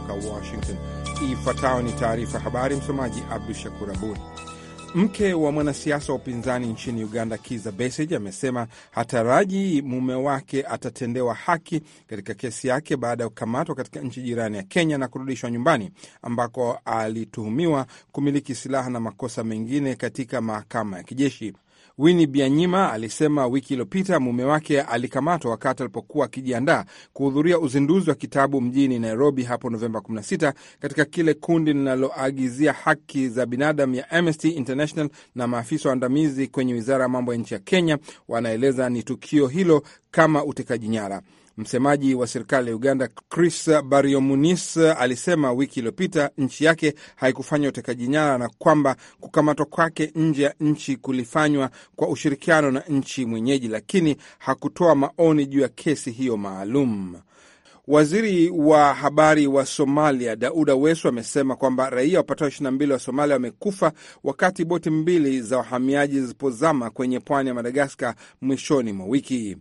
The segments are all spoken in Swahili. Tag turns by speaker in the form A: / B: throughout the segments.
A: kutoka Washington. Ifuatayo ni taarifa habari, msomaji Abdu Shakur Abud. Mke wa mwanasiasa wa upinzani nchini Uganda, Kiza Besigye, amesema hataraji mume wake atatendewa haki katika kesi yake baada ya kukamatwa katika nchi jirani ya Kenya na kurudishwa nyumbani ambako alituhumiwa kumiliki silaha na makosa mengine katika mahakama ya kijeshi. Winnie Byanyima alisema wiki iliyopita mume wake alikamatwa wakati alipokuwa akijiandaa kuhudhuria uzinduzi wa kitabu mjini Nairobi hapo Novemba 16 katika kile kundi linaloagizia haki za binadamu ya Amnesty International na maafisa waandamizi kwenye wizara ya mambo ya nchi ya Kenya wanaeleza ni tukio hilo kama utekaji nyara. Msemaji wa serikali ya Uganda Chris Bariomunis alisema wiki iliyopita nchi yake haikufanya utekaji nyara na kwamba kukamatwa kwake nje ya nchi kulifanywa kwa ushirikiano na nchi mwenyeji, lakini hakutoa maoni juu ya kesi hiyo maalum. Waziri wa habari wa Somalia Dauda Wesu amesema kwamba raia wapatao 22 wa Somalia wamekufa wakati boti mbili za wahamiaji zilipozama kwenye pwani ya Madagaskar mwishoni mwa wiki.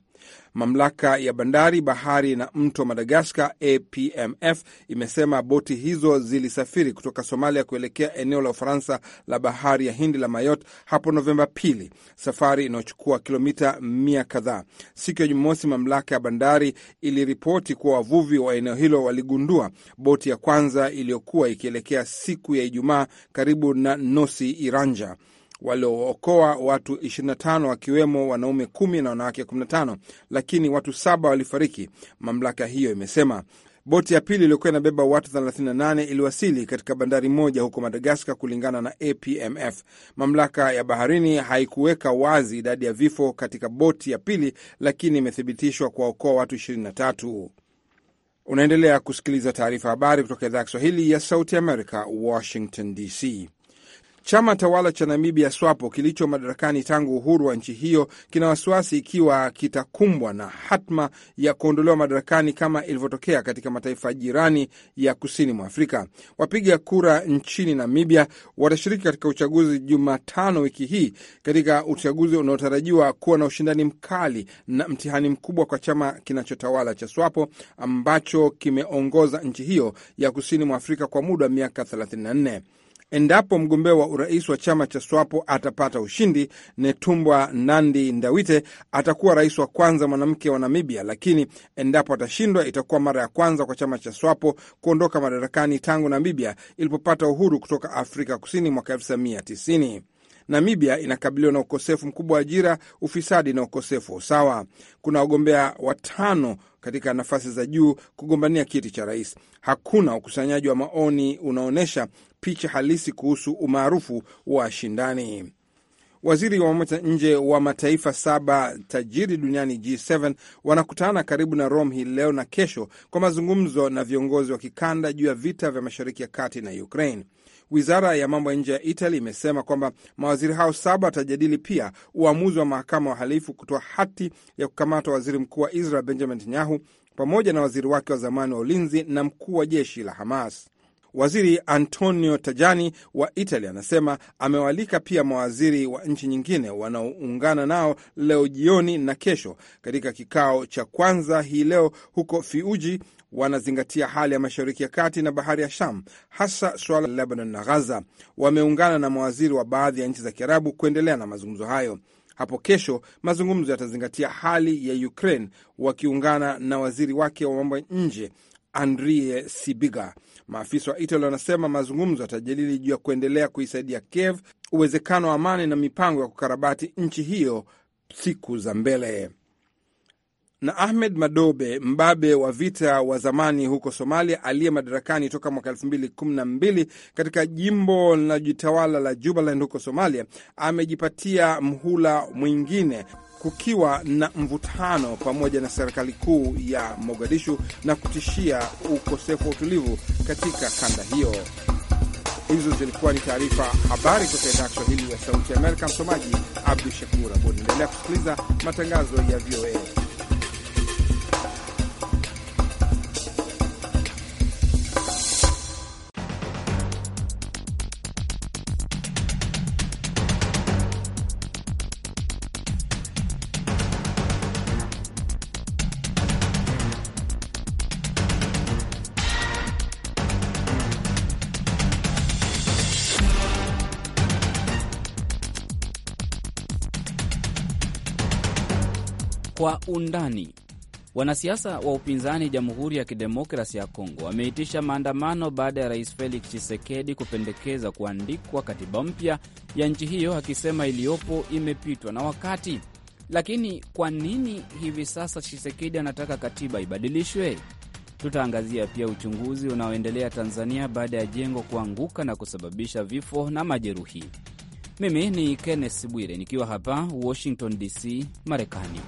A: Mamlaka ya bandari, bahari na mto Madagaskar, APMF, imesema boti hizo zilisafiri kutoka Somalia kuelekea eneo la Ufaransa la bahari ya Hindi la Mayot hapo Novemba pili, safari inayochukua kilomita mia kadhaa. Siku ya Jumamosi, mamlaka ya bandari iliripoti kuwa wavuvi wa eneo hilo waligundua boti ya kwanza iliyokuwa ikielekea siku ya Ijumaa karibu na Nosi Iranja waliookoa watu 25 wakiwemo wanaume kumi na wanawake 15, lakini watu saba walifariki, mamlaka hiyo imesema. Boti ya pili iliyokuwa inabeba watu 38 iliwasili katika bandari moja huko Madagaskar, kulingana na APMF. Mamlaka ya baharini haikuweka wazi idadi ya vifo katika boti ya pili, lakini imethibitishwa kuwaokoa watu 23. Unaendelea kusikiliza taarifa habari kutoka idhaa ya Kiswahili ya Sauti Amerika, Washington DC. Chama tawala cha Namibia SWAPO kilicho madarakani tangu uhuru wa nchi hiyo kina wasiwasi ikiwa kitakumbwa na hatma ya kuondolewa madarakani kama ilivyotokea katika mataifa jirani ya kusini mwa Afrika. Wapiga kura nchini Namibia watashiriki katika uchaguzi Jumatano wiki hii, katika uchaguzi unaotarajiwa kuwa na ushindani mkali na mtihani mkubwa kwa chama kinachotawala cha SWAPO ambacho kimeongoza nchi hiyo ya kusini mwa Afrika kwa muda wa miaka 34. Endapo mgombea wa urais wa chama cha SWAPO atapata ushindi, Netumbwa Nandi Ndawite atakuwa rais wa kwanza mwanamke wa Namibia, lakini endapo atashindwa, itakuwa mara ya kwanza kwa chama cha SWAPO kuondoka madarakani tangu Namibia ilipopata uhuru kutoka Afrika Kusini mwaka 1990. Namibia inakabiliwa na ukosefu mkubwa wa ajira, ufisadi na ukosefu wa usawa. Kuna wagombea watano katika nafasi za juu kugombania kiti cha rais. Hakuna ukusanyaji wa maoni unaonyesha picha halisi kuhusu umaarufu wa shindani. Waziri wa mambo ya nje wa mataifa saba tajiri duniani G7 wanakutana karibu na Rome hii leo na kesho kwa mazungumzo na viongozi wa kikanda juu ya vita vya Mashariki ya Kati na Ukraine. Wizara ya mambo ya nje ya Italy imesema kwamba mawaziri hao saba watajadili pia uamuzi wa mahakama wa uhalifu kutoa hati ya kukamatwa waziri mkuu wa Israel Benjamin Netanyahu pamoja na waziri wake wa zamani wa ulinzi na mkuu wa jeshi la Hamas. Waziri Antonio Tajani wa Italia anasema amewaalika pia mawaziri wa nchi nyingine wanaoungana nao leo jioni na kesho katika kikao cha kwanza hii leo huko Fiuji. Wanazingatia hali ya Mashariki ya Kati na Bahari ya Sham, hasa suala la Lebanon na Ghaza. Wameungana na mawaziri wa baadhi ya nchi za Kiarabu kuendelea na mazungumzo hayo. Hapo kesho mazungumzo yatazingatia hali ya Ukraine wakiungana na waziri wake wa mambo ya nje Andrie Sibiga. Maafisa wa italy wanasema mazungumzo yatajadili juu ya kuendelea kuisaidia Kiev, uwezekano wa amani na mipango ya kukarabati nchi hiyo siku za mbele na Ahmed Madobe, mbabe wa vita wa zamani huko Somalia, aliye madarakani toka mwaka mbili katika jimbo linalojitawala la Jubaland huko Somalia, amejipatia mhula mwingine kukiwa na mvutano pamoja na serikali kuu ya Mogadishu na kutishia ukosefu wa utulivu katika kanda hiyo. Hizo zilikuwa ni taarifa habari kutoka idhaa ya Kiswahili ya Sauti ya Amerika. Msomaji Abdu Shakur Abud. Endelea kusikiliza matangazo ya VOA.
B: Kwa undani. Wanasiasa wa upinzani Jamhuri ya Kidemokrasi ya Kongo wameitisha maandamano baada ya Rais Felix Tshisekedi kupendekeza kuandikwa katiba mpya ya nchi hiyo, akisema iliyopo imepitwa na wakati. Lakini kwa nini hivi sasa Tshisekedi anataka katiba ibadilishwe? Tutaangazia pia uchunguzi unaoendelea Tanzania baada ya jengo kuanguka na kusababisha vifo na majeruhi. Mimi ni Kenneth Bwire nikiwa hapa Washington DC, Marekani.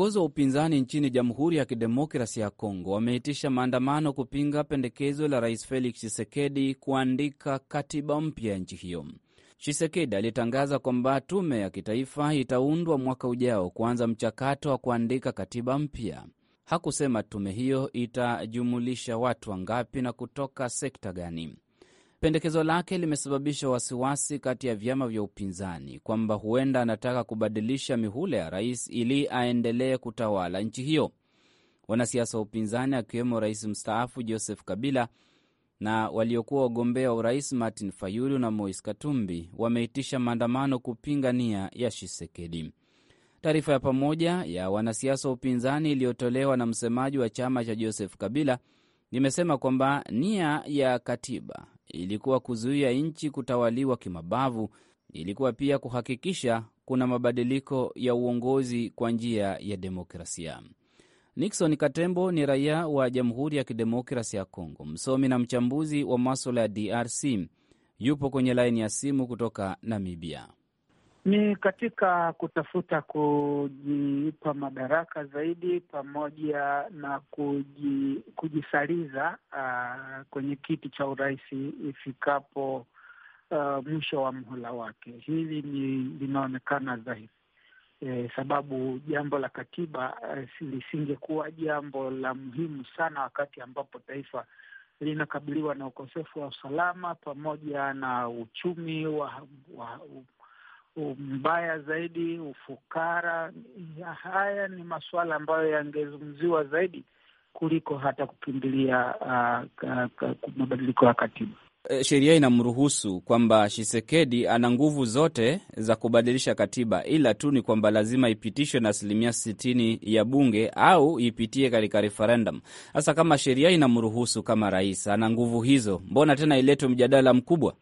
B: Viongozi wa upinzani nchini Jamhuri ya Kidemokrasi ya Kongo wameitisha maandamano kupinga pendekezo la Rais Felix chisekedi kuandika katiba mpya ya nchi hiyo. chisekedi alitangaza kwamba tume ya kitaifa itaundwa mwaka ujao kuanza mchakato wa kuandika katiba mpya. Hakusema tume hiyo itajumulisha watu wangapi na kutoka sekta gani. Pendekezo lake limesababisha wasiwasi kati ya vyama vya upinzani kwamba huenda anataka kubadilisha mihula ya rais ili aendelee kutawala nchi hiyo. Wanasiasa wa upinzani akiwemo rais mstaafu Joseph Kabila na waliokuwa wagombea wa urais Martin Fayulu na Moise Katumbi wameitisha maandamano kupinga nia ya shisekedi Taarifa ya pamoja ya wanasiasa wa upinzani iliyotolewa na msemaji wa chama cha Joseph Kabila imesema kwamba nia ya katiba ilikuwa kuzuia nchi kutawaliwa kimabavu, ilikuwa pia kuhakikisha kuna mabadiliko ya uongozi kwa njia ya demokrasia. Nixon Katembo ni raia wa Jamhuri ya Kidemokrasia ya Kongo, msomi na mchambuzi wa maswala ya DRC. Yupo kwenye laini ya simu kutoka Namibia.
C: Ni katika kutafuta kujipa madaraka zaidi pamoja na kuji, kujisaliza uh, kwenye kiti cha urais ifikapo uh, mwisho wa mhula wake. Hili ni linaonekana dhahiri eh, sababu jambo la katiba eh, lisingekuwa jambo la muhimu sana wakati ambapo taifa linakabiliwa na ukosefu wa usalama pamoja na uchumi wa, wa, mbaya zaidi, ufukara. Haya ni masuala ambayo yangezungumziwa zaidi kuliko hata kupindilia uh, ah, mabadiliko ya katiba.
B: E, sheria inamruhusu kwamba Shisekedi ana nguvu zote za kubadilisha katiba, ila tu ni kwamba lazima ipitishwe na asilimia sitini ya bunge au ipitie katika referendum. Sasa kama sheria inamruhusu kama rais ana nguvu hizo, mbona tena iletwe mjadala mkubwa?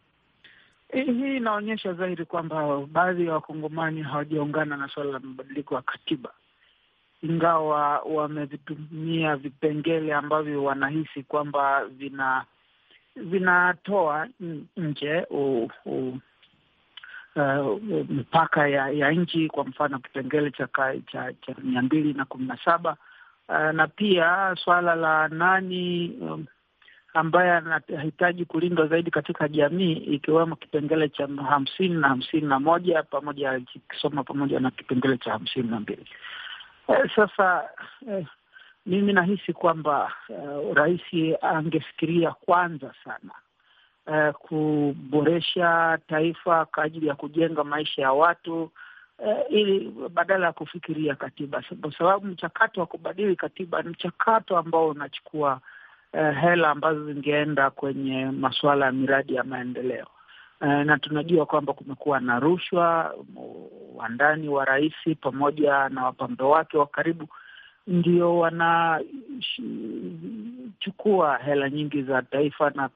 C: Eh, hii inaonyesha dhahiri kwamba baadhi ya wakongomani hawajaungana na suala la mabadiliko ya katiba, ingawa wamevitumia vipengele ambavyo wanahisi kwamba vina vinatoa nje uh, mipaka uh, ya, ya nchi. Kwa mfano kipengele cha cha mia mbili na kumi na saba uh, na pia swala la nani um, ambaye anahitaji kulindwa zaidi katika jamii ikiwemo kipengele cha hamsini na hamsini na moja pamoja ikisoma pamoja na kipengele cha hamsini na mbili. E, sasa e, mimi nahisi kwamba e, rais angefikiria kwanza sana e, kuboresha taifa kwa ajili ya kujenga maisha ya watu e, ili badala ya kufikiria katiba, kwa sababu mchakato wa kubadili katiba ni mchakato ambao unachukua uh, hela ambazo zingeenda kwenye masuala ya miradi ya maendeleo uh, na tunajua kwamba kumekuwa na rushwa mm, wandani wa rais pamoja na wapambe wake wa karibu ndio wanachukua hela nyingi za taifa na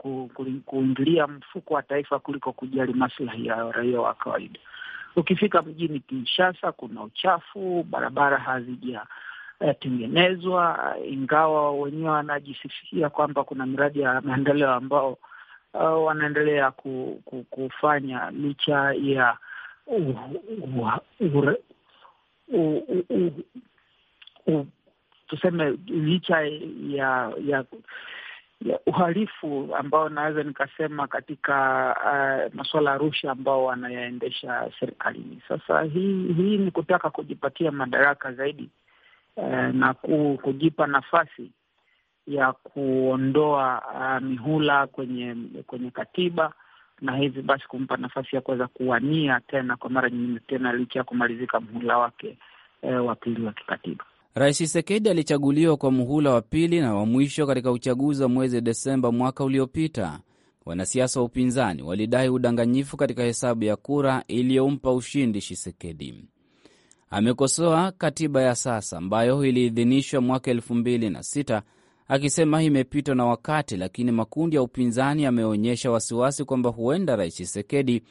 C: kuingilia mfuko wa taifa kuliko kujali maslahi ya raia wa kawaida. Ukifika mjini Kinshasa, kuna uchafu, barabara hazija yatengenezwa, ingawa wenyewe wanajisifia kwamba kuna miradi ya maendeleo ambao uh, wanaendelea ku, ku, kufanya licha ya tuseme licha ya ya ya uhalifu ambao naweza nikasema katika uh, masuala ya rushwa ambao wanayaendesha serikalini. Sasa hii hii ni kutaka kujipatia madaraka zaidi eh, na ku, kujipa nafasi ya kuondoa uh, mihula kwenye kwenye katiba na hivi basi kumpa nafasi ya kuweza kuwania tena kwa mara nyingine tena licha ya kumalizika mhula wake e, wa pili wa kikatiba.
B: Rais Tshisekedi alichaguliwa kwa muhula wa pili na wa mwisho katika uchaguzi wa mwezi Desemba mwaka uliopita. Wanasiasa wa upinzani walidai udanganyifu katika hesabu ya kura iliyompa ushindi shisekedi Amekosoa katiba ya sasa ambayo iliidhinishwa mwaka elfu mbili na sita akisema imepitwa na wakati, lakini makundi ya upinzani yameonyesha wasiwasi kwamba huenda Rais Chisekedi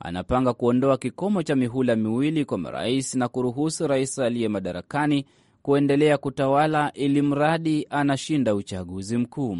B: anapanga kuondoa kikomo cha mihula miwili kwa marais na kuruhusu rais aliye madarakani kuendelea kutawala ili mradi anashinda uchaguzi mkuu.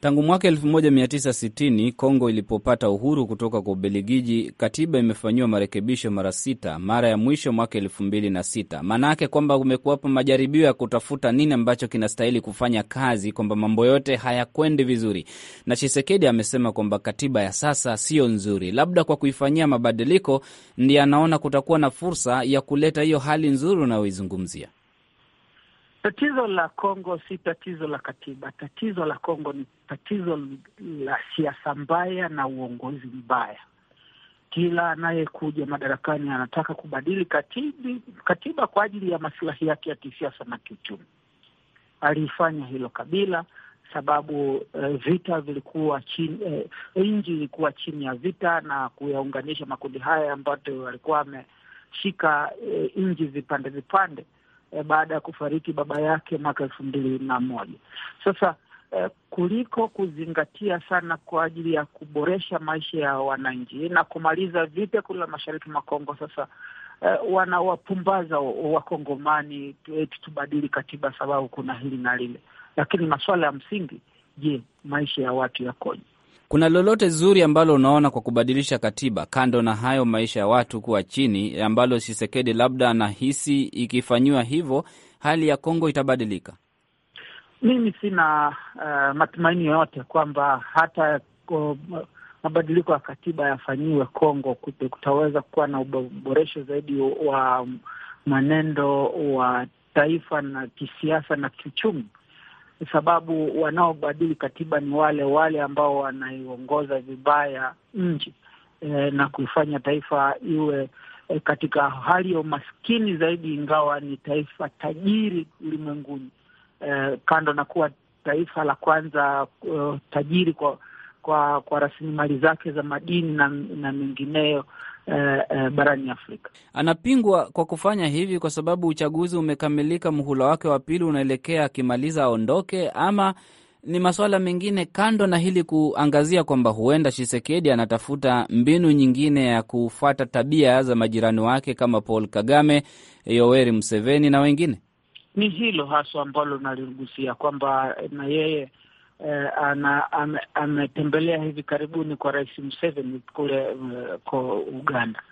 B: Tangu mwaka 1960 Kongo ilipopata uhuru kutoka kwa Ubeligiji, katiba imefanyiwa marekebisho mara sita, mara ya mwisho mwaka 2006. Maanaake kwamba kumekuwapo majaribio ya kutafuta nini ambacho kinastahili kufanya kazi, kwamba mambo yote hayakwendi vizuri, na Chisekedi amesema kwamba katiba ya sasa siyo nzuri, labda kwa kuifanyia mabadiliko ndiye anaona kutakuwa na fursa ya kuleta hiyo hali nzuri unayoizungumzia.
C: Tatizo la Kongo si tatizo la katiba. Tatizo la Kongo ni tatizo la siasa mbaya na uongozi mbaya. Kila anayekuja madarakani anataka kubadili katibi, katiba kwa ajili ya masilahi yake ya kisiasa na kiuchumi. Alifanya hilo Kabila sababu eh, vita vilikuwa chini eh, nchi ilikuwa chini ya vita na kuyaunganisha makundi haya ambayo walikuwa wameshika eh, nchi vipande vipande eh, baada ya kufariki baba yake mwaka elfu mbili na moja. Sasa eh, kuliko kuzingatia sana kwa ajili ya kuboresha maisha ya wananchi na kumaliza vita kule mashariki mwa Kongo, sasa eh, wanawapumbaza Wakongomani eti eh, tubadili katiba sababu kuna hili na lile, lakini masuala ya msingi, je, maisha ya watu yakoje?
B: Kuna lolote zuri ambalo unaona kwa kubadilisha katiba, kando na hayo maisha ya watu kuwa chini, ambalo Shisekedi labda anahisi ikifanyiwa hivyo hali ya Kongo itabadilika?
C: Mimi sina uh, matumaini yoyote kwamba hata uh, mabadiliko ya katiba yafanyiwe Kongo kutaweza kuwa na uboresho zaidi wa mwenendo wa taifa na kisiasa na kiuchumi sababu wanaobadili katiba ni wale wale ambao wanaiongoza vibaya nchi e, na kuifanya taifa iwe e, katika hali ya umaskini zaidi, ingawa ni taifa tajiri ulimwenguni. E, kando na kuwa taifa la kwanza uh, tajiri kwa kwa kwa rasilimali zake za madini
B: na, na mengineyo eh, eh, barani Afrika. Anapingwa kwa kufanya hivi kwa sababu uchaguzi umekamilika, muhula wake wa pili unaelekea, akimaliza aondoke, ama ni masuala mengine kando na hili kuangazia kwamba huenda Tshisekedi anatafuta mbinu nyingine ya kufuata tabia za majirani wake kama Paul Kagame, Yoweri Museveni na wengine.
C: Ni hilo haswa ambalo naligusia kwamba na yeye eh, ana, ame, ametembelea hivi karibuni kwa Rais Museveni kule uh, Uganda,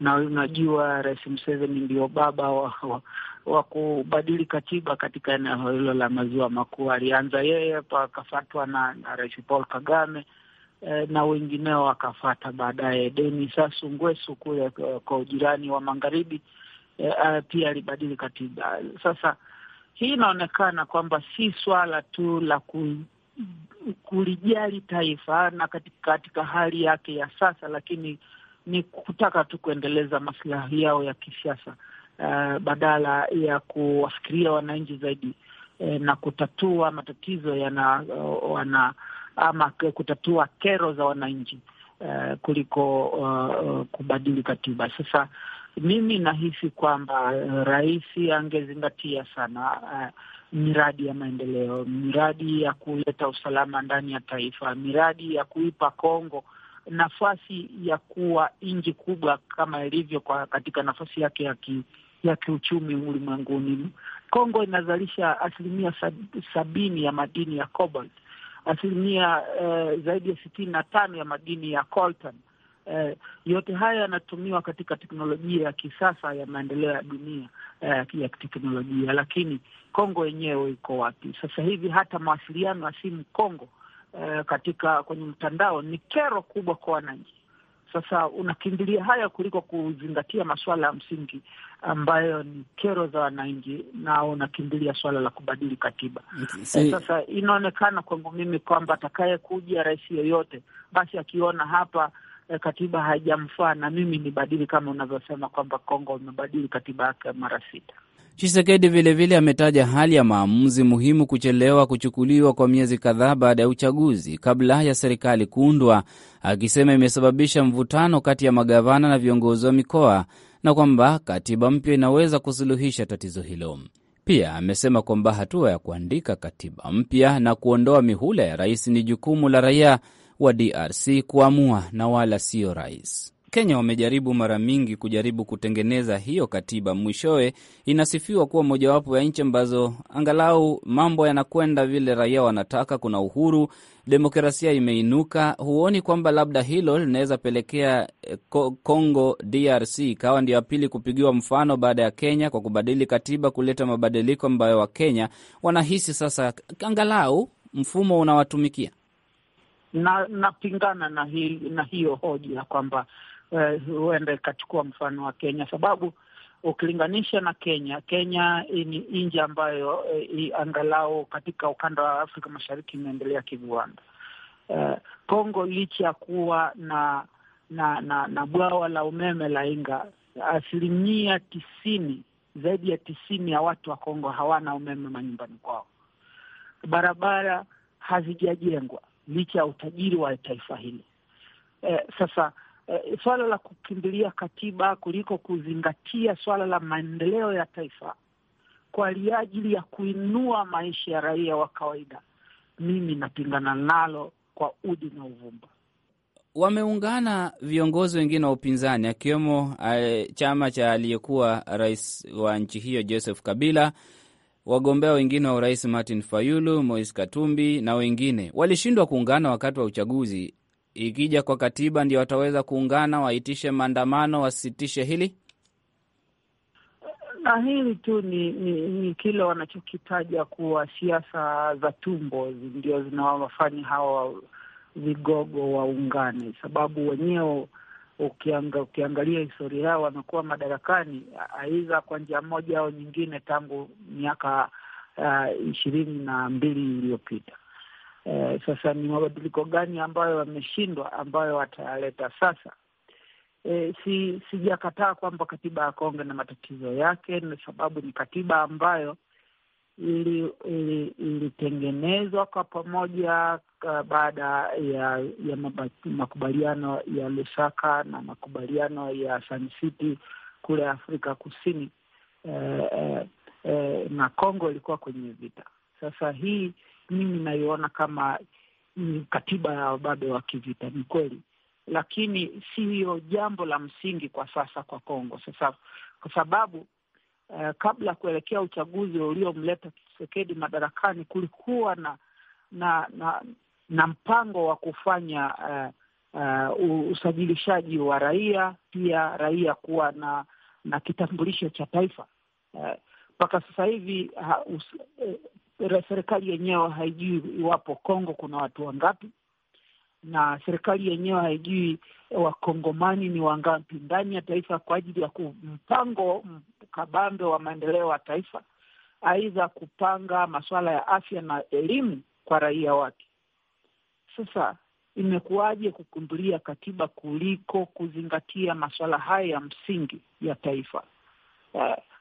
C: na unajua Rais Museveni ndio baba wa, wa, wa kubadili katiba katika eneo hilo la maziwa makuu. Alianza yeye akafatwa na, na Rais Paul Kagame eh, na wengineo wakafata baadaye. Denis Sassou Nguesso kule eh, kwa ujirani wa magharibi eh, pia alibadili katiba. Sasa hii inaonekana kwamba si swala tu la kulijali taifa na katika, katika hali yake ya sasa, lakini ni kutaka tu kuendeleza masilahi yao ya kisiasa uh, badala ya kuwafikiria wananchi zaidi eh, na kutatua matatizo yana uh, wana, ama kutatua kero za wananchi uh, kuliko uh, kubadili katiba. Sasa mimi nahisi kwamba uh, rais angezingatia sana uh, miradi ya maendeleo, miradi ya kuleta usalama ndani ya taifa, miradi ya kuipa Kongo nafasi ya kuwa nchi kubwa kama ilivyo kwa katika nafasi yake ya ki, ya kiuchumi ulimwenguni. Kongo inazalisha asilimia sabini ya madini ya cobalt, asilimia eh, zaidi ya sitini na tano ya madini ya coltan. Eh, yote haya yanatumiwa katika teknolojia ya kisasa ya maendeleo ya dunia. Eh, ya kiteknolojia, lakini Kongo yenyewe iko wapi sasa hivi? Hata mawasiliano ya simu Kongo eh, katika kwenye mtandao ni kero kubwa kwa wananchi. Sasa unakimbilia haya kuliko kuzingatia masuala ya msingi ambayo ni kero za wananchi, na unakimbilia swala la kubadili katiba. E, sasa inaonekana kwangu mimi kwamba atakayekuja rais yoyote, basi akiona hapa Eh, katiba haijamfaa na mimi nibadili kama unavyosema kwamba Kongo imebadili katiba yake mara sita.
B: chisekedi vilevile ametaja hali ya maamuzi muhimu kuchelewa kuchukuliwa kwa miezi kadhaa baada ya uchaguzi kabla ya serikali kuundwa, akisema imesababisha mvutano kati ya magavana na viongozi wa mikoa na kwamba katiba mpya inaweza kusuluhisha tatizo hilo. Pia amesema kwamba hatua ya kuandika katiba mpya na kuondoa mihula ya rais ni jukumu la raia wa DRC kuamua na wala sio rais. Kenya wamejaribu mara mingi kujaribu kutengeneza hiyo katiba, mwishowe inasifiwa kuwa mojawapo ya nchi ambazo angalau mambo yanakwenda vile raia wanataka, kuna uhuru, demokrasia imeinuka. Huoni kwamba labda hilo linaweza pelekea Congo eh, DRC ikawa ndio ya pili kupigiwa mfano baada ya Kenya kwa kubadili katiba, kuleta mabadiliko ambayo Wakenya wanahisi sasa angalau mfumo unawatumikia?
C: na napingana na hi, na hiyo hoja kwamba eh, huenda uh, ikachukua mfano wa Kenya, sababu ukilinganisha na Kenya, Kenya ni nchi ambayo e, angalau katika ukanda wa Afrika Mashariki imeendelea kiviwanda. E, Kongo licha ya kuwa na na na, na bwawa la umeme la Inga, asilimia tisini, zaidi ya tisini ya watu wa Kongo hawana umeme manyumbani kwao, barabara hazijajengwa licha ya utajiri wa taifa hili. Eh, sasa eh, swala la kukimbilia katiba kuliko kuzingatia swala la maendeleo ya taifa kwa ajili ya kuinua maisha ya raia wa kawaida, mimi napingana nalo kwa udi na uvumba.
B: Wameungana viongozi wengine wa upinzani akiwemo eh, chama cha aliyekuwa rais wa nchi hiyo Joseph Kabila wagombea wengine wa urais Martin Fayulu, mois Katumbi na wengine walishindwa kuungana wakati wa uchaguzi. Ikija kwa katiba, ndio wataweza kuungana, waitishe maandamano, wasitishe hili
C: na hili tu ni, ni, ni kile wanachokitaja kuwa siasa za tumbo ndio zinawafanya hawa vigogo waungane, sababu wenyewe ukianga, ukiangalia historia yao wamekuwa madarakani aidha kwa njia moja au nyingine tangu miaka uh, ishirini uh, na mbili iliyopita. Eh, sasa ni mabadiliko gani ambayo wameshindwa ambayo watayaleta sasa? Eh, si sijakataa kwamba katiba ya Kongo na matatizo yake, na sababu ni katiba ambayo ilitengenezwa ili, ili kwa pamoja baada ya ya mabati, makubaliano ya Lusaka na makubaliano ya Sun City kule Afrika Kusini
D: eh,
C: eh, na Kongo ilikuwa kwenye vita. Sasa hii mimi naiona kama ni katiba ya wababe wa kivita, ni kweli, lakini siyo jambo la msingi kwa sasa kwa Kongo sasa, kwa sababu eh, kabla kuelekea uchaguzi uliomleta Tshisekedi madarakani, kulikuwa na na na, na mpango wa kufanya eh, uh, usajilishaji wa raia, pia raia kuwa na na kitambulisho cha taifa eh, mpaka eh, sasa hivi eh, serikali yenyewe haijui iwapo Kongo kuna watu wangapi na serikali yenyewe haijui wakongomani ni wangapi ndani ya taifa kwa ajili ya mpango kabambe wa maendeleo ya taifa, aidha kupanga masuala ya afya na elimu kwa raia wake. Sasa imekuwaje kukumbulia katiba kuliko kuzingatia masuala haya ya msingi ya taifa,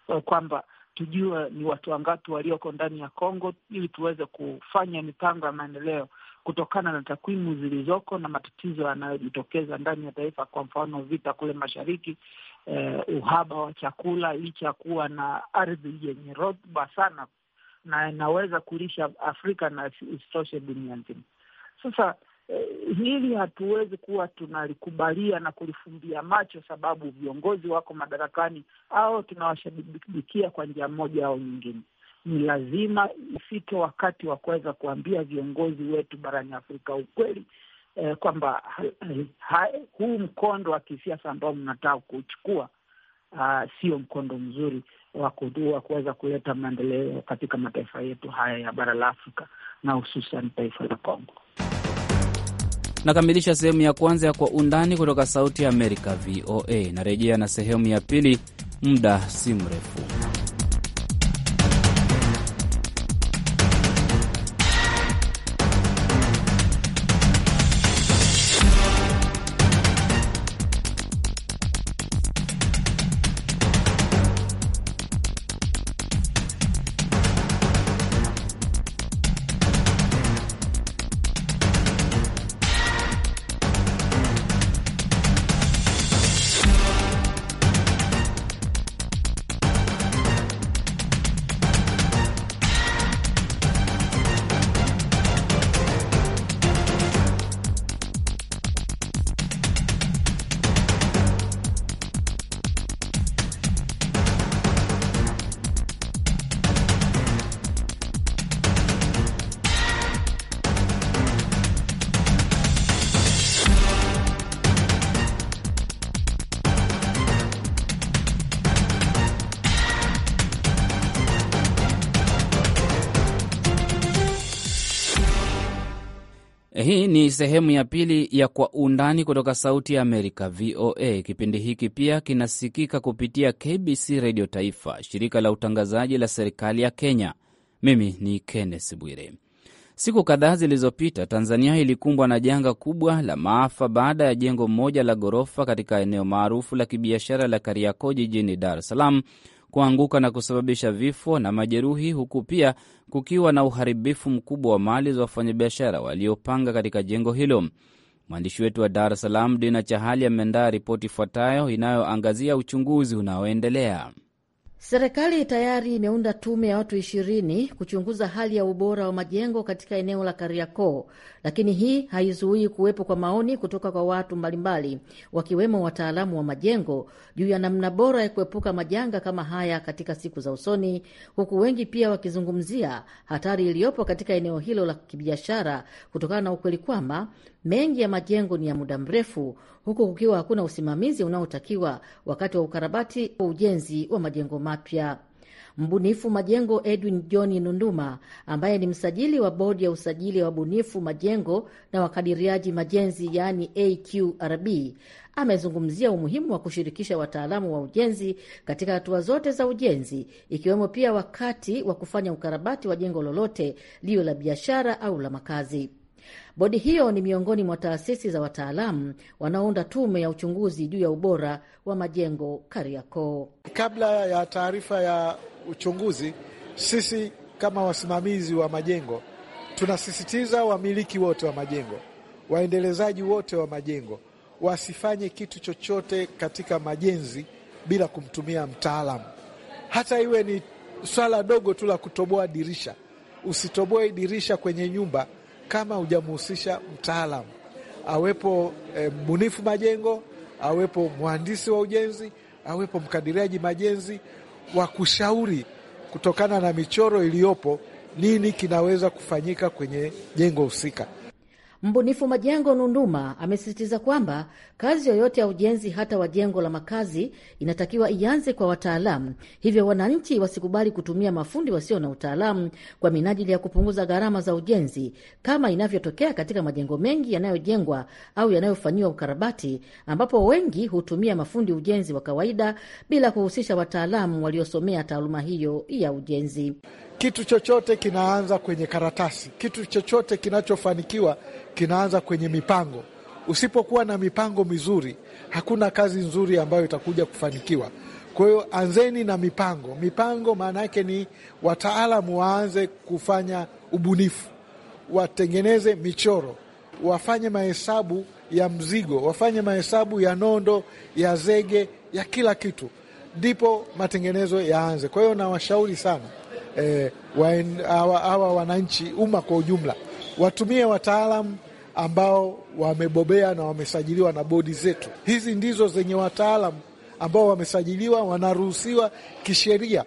C: uh, kwamba tujue ni watu wangapi walioko ndani ya Kongo ili tuweze kufanya mipango ya maendeleo kutokana na takwimu zilizoko na matatizo yanayojitokeza ndani ya taifa, kwa mfano vita kule mashariki, eh, uhaba wa chakula, licha ya kuwa na ardhi yenye rutuba sana na inaweza kulisha Afrika na isitoshe dunia nzima. Sasa eh, hili hatuwezi kuwa tunalikubalia na kulifumbia macho, sababu viongozi wako madarakani au tunawashabikia kwa njia moja au nyingine ni lazima ifike wakati wa kuweza kuambia viongozi wetu barani Afrika ukweli eh, kwamba huu mkondo wa kisiasa ambao mnataka kuchukua uh, ah, sio mkondo mzuri wa kuweza kuleta maendeleo katika mataifa yetu haya ya bara la Afrika na hususan taifa la Kongo.
B: Nakamilisha sehemu ya kwanza ya Kwa Undani kutoka Sauti ya Amerika, VOA. Narejea na sehemu ya pili muda si mrefu. Hii ni sehemu ya pili ya Kwa Undani kutoka Sauti ya Amerika, VOA. Kipindi hiki pia kinasikika kupitia KBC Redio Taifa, shirika la utangazaji la serikali ya Kenya. Mimi ni Kenneth Bwire. Siku kadhaa zilizopita, Tanzania ilikumbwa na janga kubwa la maafa baada ya jengo moja la ghorofa katika eneo maarufu la kibiashara la Kariakoo jijini Dar es Salaam kuanguka na kusababisha vifo na majeruhi, huku pia kukiwa na uharibifu mkubwa wa mali za wafanyabiashara waliopanga katika jengo hilo. Mwandishi wetu wa Dar es Salaam, Dina Chahali, ameendaa ripoti ifuatayo inayoangazia uchunguzi unaoendelea.
D: Serikali tayari imeunda tume ya watu ishirini kuchunguza hali ya ubora wa majengo katika eneo la Kariakoo, lakini hii haizuii kuwepo kwa maoni kutoka kwa watu mbalimbali, wakiwemo wataalamu wa majengo juu ya namna bora ya kuepuka majanga kama haya katika siku za usoni, huku wengi pia wakizungumzia hatari iliyopo katika eneo hilo la kibiashara kutokana na ukweli kwamba Mengi ya majengo ni ya muda mrefu, huku kukiwa hakuna usimamizi unaotakiwa wakati wa ukarabati wa ujenzi wa majengo mapya. Mbunifu majengo Edwin John Nunduma, ambaye ni msajili wa bodi ya usajili wa bunifu majengo na wakadiriaji majenzi, yaani AQRB, amezungumzia umuhimu wa kushirikisha wataalamu wa ujenzi katika hatua zote za ujenzi, ikiwemo pia wakati wa kufanya ukarabati wa jengo lolote, liwe la biashara au la makazi. Bodi hiyo ni miongoni mwa taasisi za wataalamu wanaounda tume ya uchunguzi juu ya ubora wa majengo Kariakoo.
E: Kabla ya taarifa ya uchunguzi, sisi kama wasimamizi wa majengo tunasisitiza wamiliki wote wa majengo, waendelezaji wote wa majengo wasifanye kitu chochote katika majenzi bila kumtumia mtaalamu, hata iwe ni swala dogo tu la kutoboa dirisha. Usitoboe dirisha kwenye nyumba kama hujamhusisha mtaalam awepo e, mbunifu majengo, awepo mhandisi wa ujenzi, awepo mkadiriaji majenzi wa kushauri kutokana na michoro iliyopo nini kinaweza kufanyika kwenye jengo husika.
D: Mbunifu Majengo Nunduma amesisitiza kwamba kazi yoyote ya ujenzi hata wa jengo la makazi inatakiwa ianze kwa wataalamu, hivyo wananchi wasikubali kutumia mafundi wasio na utaalamu kwa minajili ya kupunguza gharama za ujenzi kama inavyotokea katika majengo mengi yanayojengwa au yanayofanyiwa ukarabati, ambapo wengi hutumia mafundi ujenzi wa kawaida bila kuhusisha wataalamu waliosomea taaluma hiyo ya ujenzi.
E: Kitu chochote kinaanza kwenye karatasi. Kitu chochote kinachofanikiwa kinaanza kwenye mipango. Usipokuwa na mipango mizuri, hakuna kazi nzuri ambayo itakuja kufanikiwa. Kwa hiyo anzeni na mipango. Mipango maana yake ni wataalamu waanze kufanya ubunifu, watengeneze michoro, wafanye mahesabu ya mzigo, wafanye mahesabu ya nondo, ya zege, ya kila kitu, ndipo matengenezo yaanze. Kwa hiyo nawashauri sana Eh, hawa eh, wananchi, umma kwa ujumla, watumie wataalam ambao wamebobea na wamesajiliwa na bodi zetu. Hizi ndizo zenye wataalam ambao wamesajiliwa, wanaruhusiwa kisheria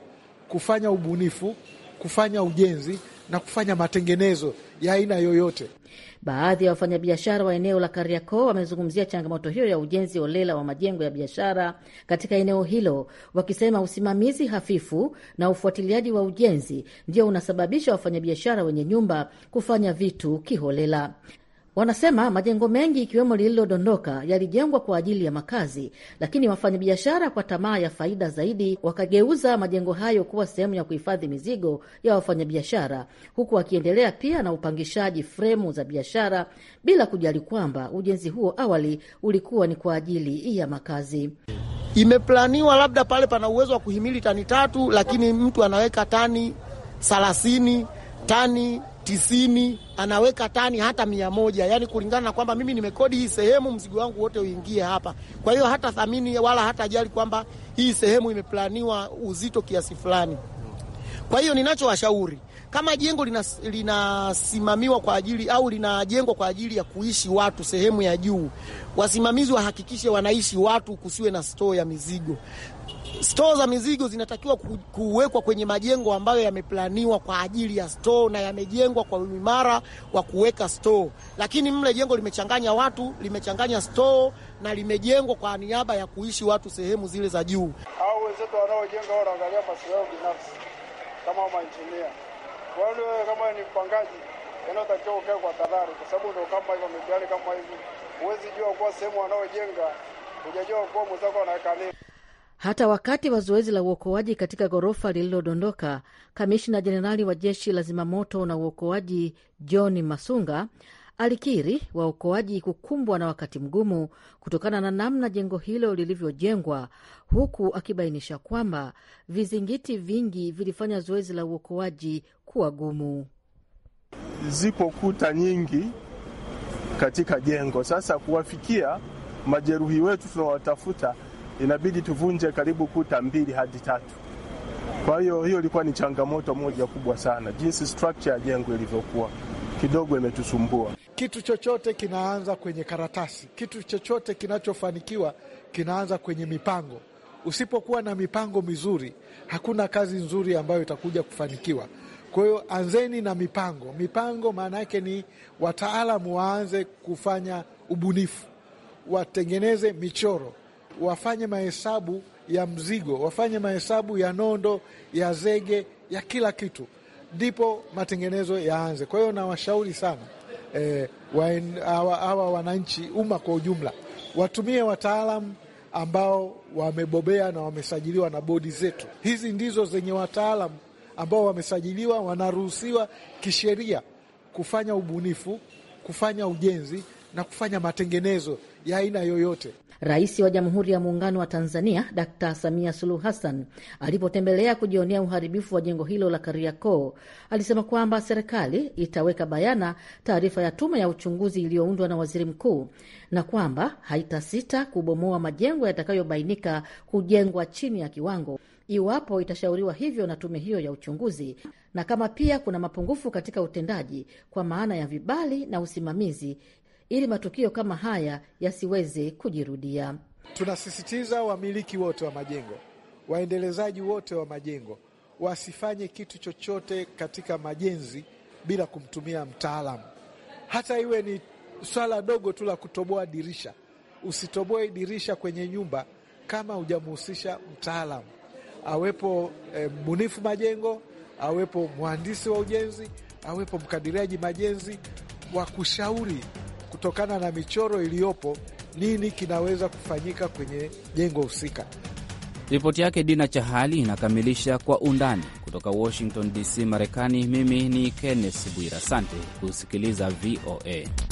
E: kufanya ubunifu, kufanya ujenzi na kufanya matengenezo ya
D: aina yoyote. Baadhi ya wafanyabiashara wa eneo la Kariakoo wamezungumzia changamoto hiyo ya ujenzi holela wa majengo ya biashara katika eneo hilo, wakisema usimamizi hafifu na ufuatiliaji wa ujenzi ndio unasababisha wafanyabiashara wenye nyumba kufanya vitu kiholela. Wanasema majengo mengi ikiwemo lililodondoka yalijengwa kwa ajili ya makazi, lakini wafanyabiashara kwa tamaa ya faida zaidi wakageuza majengo hayo kuwa sehemu ya kuhifadhi mizigo ya wafanyabiashara, huku wakiendelea pia na upangishaji fremu za biashara bila kujali kwamba ujenzi huo awali ulikuwa ni kwa ajili ya makazi.
E: Imeplaniwa labda pale pana uwezo wa kuhimili tani tatu, lakini mtu anaweka tani thelathini, tani tisini, anaweka tani hata mia moja, yani kulingana na kwamba mimi nimekodi hii sehemu, mzigo wangu wote uingie hapa. Kwa hiyo hata thamini wala hata jali kwamba hii sehemu imeplaniwa uzito kiasi fulani. Kwa hiyo ninachowashauri kama jengo linasimamiwa lina kwa ajili au linajengwa kwa ajili ya kuishi watu sehemu ya juu, wasimamizi wahakikishe wanaishi watu, kusiwe na stoo ya mizigo stoo za mizigo zinatakiwa kuwekwa kwenye majengo ambayo yameplaniwa kwa ajili ya stoo na yamejengwa kwa uimara wa kuweka stoo, lakini mle jengo limechanganya watu, limechanganya stoo na limejengwa kwa niaba ya kuishi watu sehemu zile za juu.
A: Au wenzetu wanaojenga wanaangalia maslahi yao binafsi kama mainjinia. Kwa hiyo wewe kama ni mpangaji, inayotakiwa ukae kwa tahadhari, kwa sababu ndio kama hivyo mitihani kama hivi, huwezi jua kuwa sehemu wanaojenga, hujajua kuwa mwenzako anaweka nini.
D: Hata wakati wa zoezi la uokoaji katika ghorofa lililodondoka, kamishna jenerali wa jeshi la zimamoto na uokoaji John Masunga alikiri waokoaji kukumbwa na wakati mgumu kutokana na namna jengo hilo lilivyojengwa, huku akibainisha kwamba vizingiti vingi vilifanya zoezi la uokoaji kuwa gumu.
A: Ziko kuta nyingi katika jengo. Sasa kuwafikia majeruhi wetu tunawatafuta inabidi tuvunje karibu kuta mbili hadi tatu. Kwa hiyo hiyo ilikuwa ni changamoto moja kubwa sana, jinsi structure ya jengo ilivyokuwa kidogo imetusumbua.
E: Kitu chochote kinaanza kwenye karatasi, kitu chochote kinachofanikiwa kinaanza kwenye mipango. Usipokuwa na mipango mizuri, hakuna kazi nzuri ambayo itakuja kufanikiwa. Kwa hiyo anzeni na mipango. Mipango maana yake ni wataalamu waanze kufanya ubunifu, watengeneze michoro wafanye mahesabu ya mzigo, wafanye mahesabu ya nondo, ya zege, ya kila kitu, ndipo matengenezo yaanze. Kwa hiyo nawashauri sana e, hawa wananchi, umma kwa ujumla, watumie wataalamu ambao wamebobea na wamesajiliwa na bodi zetu. Hizi ndizo zenye wataalamu ambao wamesajiliwa, wanaruhusiwa kisheria kufanya ubunifu, kufanya ujenzi na kufanya matengenezo ya aina yoyote.
D: Rais wa Jamhuri ya Muungano wa Tanzania Dkt. Samia Suluhu Hassan alipotembelea kujionea uharibifu wa jengo hilo la Kariakoo alisema kwamba serikali itaweka bayana taarifa ya tume ya uchunguzi iliyoundwa na waziri mkuu na kwamba haitasita kubomoa majengo yatakayobainika kujengwa chini ya kiwango iwapo itashauriwa hivyo na tume hiyo ya uchunguzi, na kama pia kuna mapungufu katika utendaji kwa maana ya vibali na usimamizi, ili matukio kama haya yasiweze kujirudia.
E: Tunasisitiza wamiliki wote wa majengo, waendelezaji wote wa majengo wasifanye kitu chochote katika majenzi bila kumtumia mtaalamu, hata iwe ni swala dogo tu la kutoboa dirisha. Usitoboe dirisha kwenye nyumba kama hujamhusisha mtaalamu, awepo e, mbunifu majengo, awepo mhandisi wa ujenzi, awepo mkadiriaji majenzi wa kushauri kutokana na michoro iliyopo nini kinaweza kufanyika kwenye jengo husika.
B: Ripoti yake Dina Chahali inakamilisha Kwa Undani kutoka Washington DC, Marekani. Mimi ni Kenneth Bwira, asante kusikiliza VOA.